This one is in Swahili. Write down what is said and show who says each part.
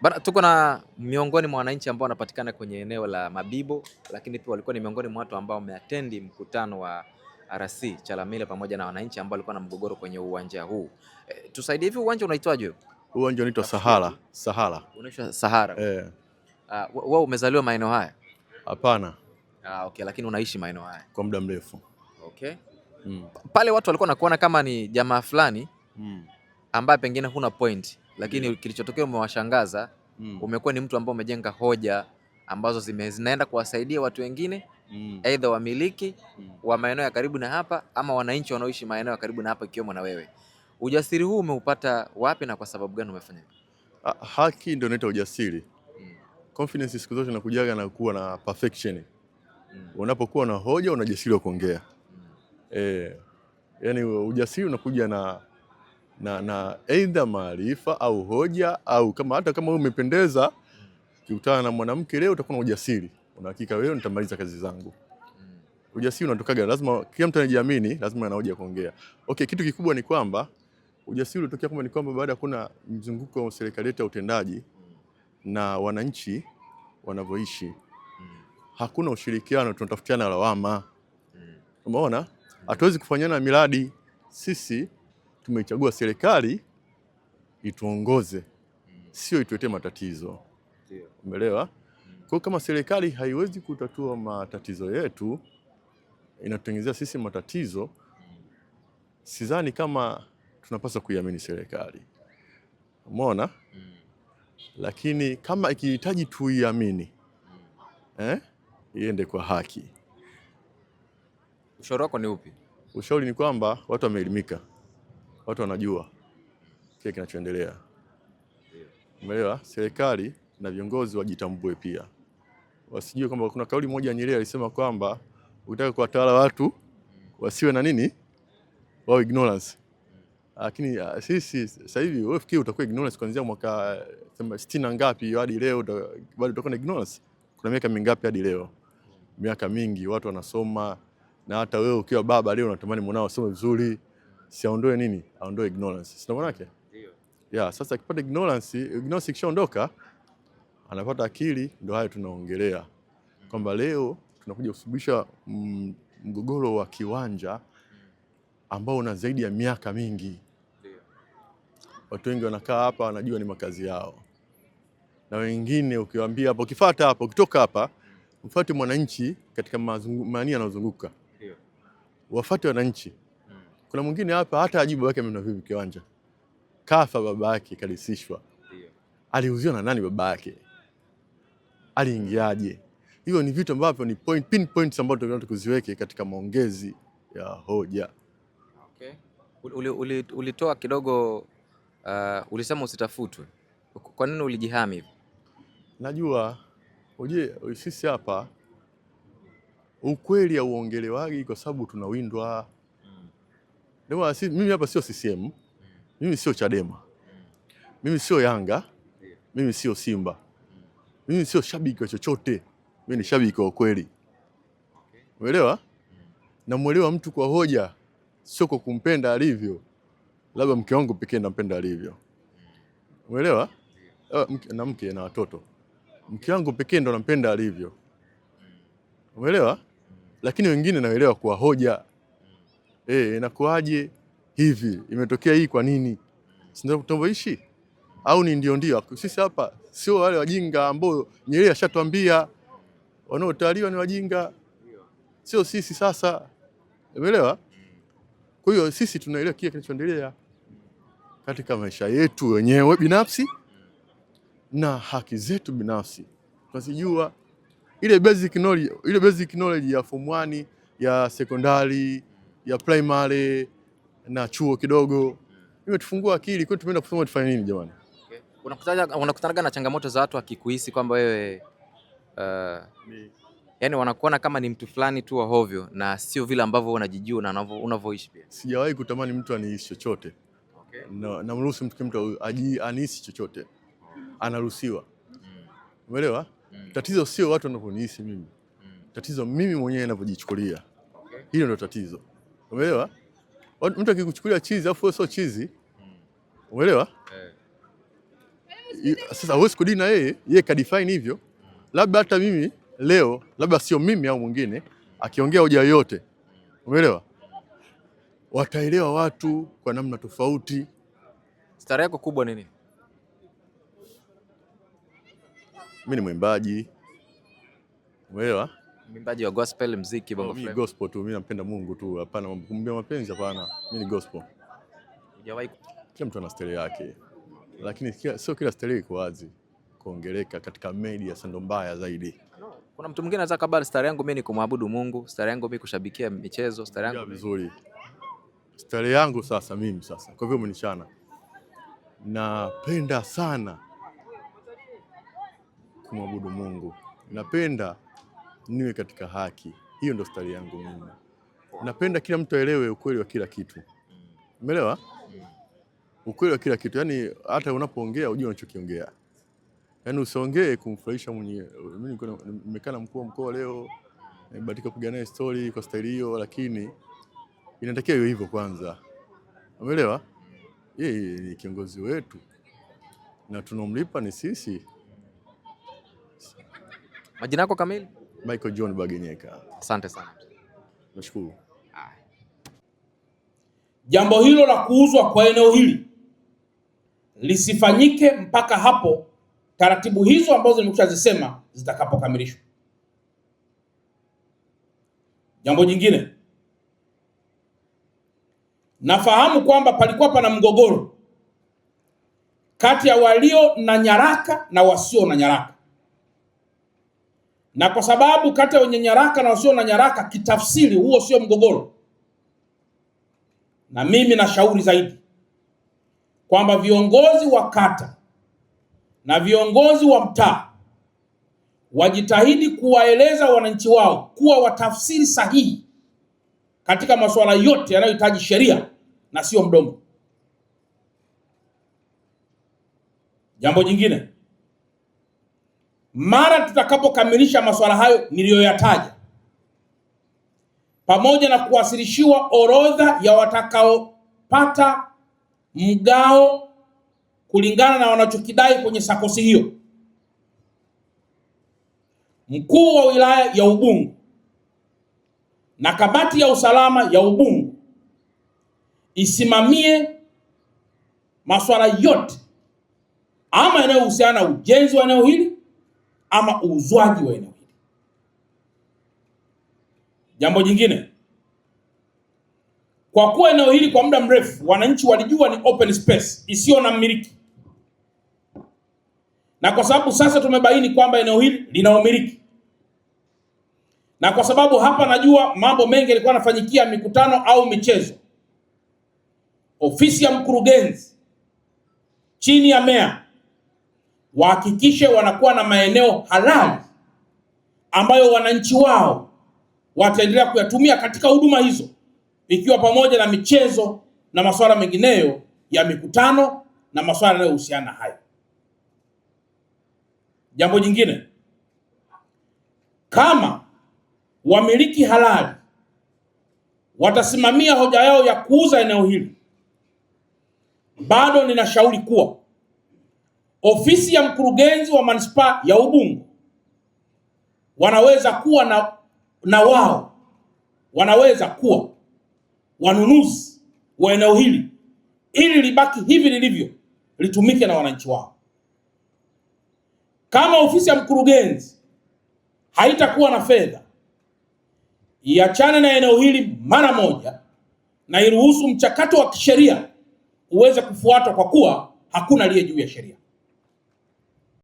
Speaker 1: Bana, tuko na miongoni mwa wananchi ambao wanapatikana kwenye eneo la Mabibo, lakini pia walikuwa ni miongoni mwa watu ambao wameatendi mkutano wa RC Chalamila pamoja na wananchi ambao walikuwa na mgogoro kwenye uwanja huu. E, tusaidie hivi, uwanja unaitwaje?
Speaker 2: Uwanja unaitwa Sahara. Sahara.
Speaker 1: Unaitwa Sahara. Eh. Ah, wewe umezaliwa maeneo haya? Hapana. Ah, okay, lakini unaishi maeneo haya
Speaker 2: kwa muda mrefu.
Speaker 1: Okay. Mm. Pale watu walikuwa nakuona kama ni jamaa fulani mm, ambaye pengine huna point lakini kilichotokea umewashangaza. Mm. Umekuwa ni mtu ambaye umejenga hoja ambazo zinaenda kuwasaidia watu wengine mm. Aidha wamiliki mm. wa maeneo ya karibu na hapa ama wananchi wanaoishi maeneo ya karibu na hapa ikiwemo na wewe. Ujasiri huu umeupata wapi na kwa sababu gani umefanya?
Speaker 2: Ah, haki ndio inaitwa ujasiri. Mm. Confidence siku zote inakujaga na kuwa na perfection. Mm. Unapokuwa na hoja una ujasiri wa kuongea. Mm. Eh, yani ujasiri unakuja na na, na aidha maarifa au hoja au kama hata kama wewe umependeza ukikutana na mwanamke leo utakuwa na ujasiri, una hakika wewe nitamaliza kazi zangu. Ujasiri unatokaga, lazima kila mtu anajiamini, lazima ana hoja kuongea. Okay, kitu kikubwa ni kwamba ujasiri unatokea kwamba ni kwamba baada ya kuna mzunguko wa serikali yetu ya utendaji na wananchi wanavyoishi, hakuna ushirikiano, tunatafutiana lawama. Umeona, hatuwezi kufanyana miradi sisi tumechagua serikali ituongoze, sio ituletee matatizo. Umeelewa? Kwa hiyo kama serikali haiwezi kutatua matatizo yetu, inatutengenezea sisi matatizo, sidhani kama tunapaswa kuiamini serikali. Umeona? Lakini kama ikihitaji tuiamini, eh, iende kwa haki.
Speaker 1: Ushauri wako ni upi?
Speaker 2: Ushauri ni kwamba watu wameelimika watu wanajua kile kinachoendelea. Umeelewa? Serikali na viongozi wajitambue pia, wasijue kwamba kuna kauli moja Nyerere alisema kwamba ukitaka kuwatawala watu wasiwe na nini, wao ignorance. Lakini ah, sisi sasa hivi wewe fikiri utakuwa ignorance kuanzia mwaka sitini na ngapi hadi leo, bado utakuwa na ignorance? Kuna miaka mingapi hadi leo? Miaka mingi watu wanasoma, na hata wewe ukiwa baba leo unatamani mwanao asome vizuri si aondoe nini, aondoe ignorance, sio maana yake?
Speaker 1: Ndio. Yeah, sasa
Speaker 2: akipata ignorance, ignorance ikishaondoka anapata akili, ndio hayo tunaongelea kwamba leo tunakuja kusuluhisha mgogoro wa kiwanja ambao una zaidi ya miaka mingi. Watu wengi wanakaa hapa wanajua ni makazi yao, na wengine ukiwaambia hapo, ukifata hapo, ukitoka hapa, mfuate mwananchi katika maani yanayozunguka, wafate wananchi kuna mwingine hapa hata ajibu babake amenunua vipi kiwanja, kafa yake kalisishwa, aliuziwa na nani baba yake aliingiaje? Hivyo ni vitu ambavyo ni point, points ambazo tunataka tukuziweke katika maongezi ya hoja.
Speaker 1: Okay. Ulitoa uli, kidogo uh, ulisema usitafutwe. Kwa nini ulijihami
Speaker 2: hivi? Najua uje sisi hapa ukweli hauongelewagi kwa sababu tunawindwa ndio, si, mimi hapa sio CCM, mimi sio Chadema, mimi sio Yanga, mimi sio Simba, mimi sio shabiki wa chochote, mimi ni shabiki wa kweli, umeelewa? Namwelewa mtu kwa hoja, sio kwa kumpenda alivyo. Labda mke wangu pekee nampenda alivyo, umeelewa? Eh, na mke na watoto, mke wangu pekee ndo nampenda alivyo, umeelewa? Lakini wengine naelewa kwa hoja eh, inakuaje hivi, imetokea hii kwa nini? Si ndio tunavyoishi au ni ndio ndio? Sisi hapa sio wale wajinga ambao Nyerere ashatwambia wanaotawaliwa ni wajinga, sio sisi. Sasa umeelewa? Kwa hiyo sisi tunaelewa kile kinachoendelea katika maisha yetu wenyewe binafsi na haki zetu binafsi tunazijua, ile basic knowledge, ile basic knowledge ya form 1 ya sekondari ya primary na chuo kidogo imetufungua akili kwetu, tumeenda kusoma tufanye nini jamani?
Speaker 1: Okay. Unakutana na changamoto za watu akikuhisi kwamba wewe uh, yani wanakuona kama ni mtu fulani tu wa hovyo na sio vile ambavyo unajijua na unavyoishi pia. Sijawahi
Speaker 2: kutamani mtu anihisi chochote. Okay. Na namruhusu mtu kimtu anihisi chochote. Anaruhusiwa. Mm. Umeelewa? Mm. Mm. Tatizo sio watu wanavyonihisi mimi. Mm. Tatizo mimi mwenyewe ninavyojichukulia. Okay. Hilo ndio tatizo. Umeelewa? Mtu akikuchukulia chizi afu sio chizi, umeelewa? Eh. Sasa huwezi kudina yeye, yeye ka define hivyo. Labda hata mimi leo, labda sio mimi au mwingine akiongea hoja yoyote, umeelewa, wataelewa watu kwa namna tofauti.
Speaker 1: Stara yako kubwa ni nini?
Speaker 2: Mimi ni mwimbaji, umeelewa?
Speaker 1: Mwimbaji wa gospel, mziki oh, bongo flava. Mimi
Speaker 2: gospel tu, mimi napenda Mungu tu, hapana kumbia mapenzi, hapana. Mimi ni gospel. Hujawahi? Kila mtu ana staili yake, lakini sio kila staili iko wazi kuongeleka katika media, sando mbaya zaidi.
Speaker 1: Kuna mtu mwingine anaweza kabla, stare yangu mimi ni kumwabudu Mungu, stare yangu mimi kushabikia michezo,
Speaker 2: stare yangu vizuri, Stare yangu sasa mimi sasa, kwa hivyo mnichana. napenda sana kumwabudu Mungu, napenda niwe katika haki. Hiyo ndo stari yangu mimi. Napenda kila mtu aelewe ukweli wa kila kitu, umeelewa? Ukweli wa kila kitu, yani hata unapoongea ujue unachokiongea, yani usiongee kumfurahisha mwenyewe. Mimi nimekaa na mkuu wa mkoa leo, nimebahatika kupiga naye story kwa stari hiyo, lakini inatakiwa hiyo hivyo kwanza, umeelewa? Yeye ni kiongozi wetu na tunamlipa ni sisi. Majina yako kamili? Michael John Bagenyeka. Asante sana. Nashukuru.
Speaker 3: Jambo hilo la kuuzwa kwa eneo hili lisifanyike mpaka hapo taratibu hizo ambazo nimekushazisema zitakapokamilishwa. Jambo jingine, nafahamu kwamba palikuwa pana mgogoro kati ya walio na nyaraka na wasio na nyaraka na kwa sababu kati ya wenye nyaraka na wasio na nyaraka, kitafsiri huo sio mgogoro, na mimi nashauri zaidi kwamba viongozi wa kata na viongozi wa mtaa wajitahidi kuwaeleza wananchi wao kuwa watafsiri sahihi katika masuala yote yanayohitaji sheria na sio mdomo. Jambo jingine mara tutakapokamilisha masuala hayo niliyoyataja, pamoja na kuwasilishiwa orodha ya watakaopata mgao kulingana na wanachokidai kwenye sakosi hiyo, mkuu wa wilaya ya Ubungo na kamati ya usalama ya Ubungo isimamie masuala yote ama yanayohusiana na ujenzi wa eneo hili ama uuzwaji wa eneo hili. Jambo jingine, kwa kuwa eneo hili kwa muda mrefu wananchi walijua ni open space isiyo na mmiliki, na kwa sababu sasa tumebaini kwamba eneo hili lina umiliki, na kwa sababu hapa najua mambo mengi yalikuwa yanafanyikia mikutano au michezo, ofisi ya mkurugenzi chini ya meya wahakikishe wanakuwa na maeneo halali ambayo wananchi wao wataendelea kuyatumia katika huduma hizo, ikiwa pamoja na michezo na masuala mengineyo ya mikutano na masuala yanayohusiana na hayo. Jambo jingine, kama wamiliki halali watasimamia hoja yao ya kuuza eneo hili, bado ninashauri kuwa ofisi ya mkurugenzi wa manispaa ya Ubungo wanaweza kuwa na, na wao wanaweza kuwa wanunuzi wa eneo hili ili libaki hivi lilivyo litumike na wananchi wao. Kama ofisi ya mkurugenzi haitakuwa na fedha, iachane na eneo hili mara moja na iruhusu mchakato wa kisheria uweze kufuatwa, kwa kuwa hakuna aliye juu ya sheria.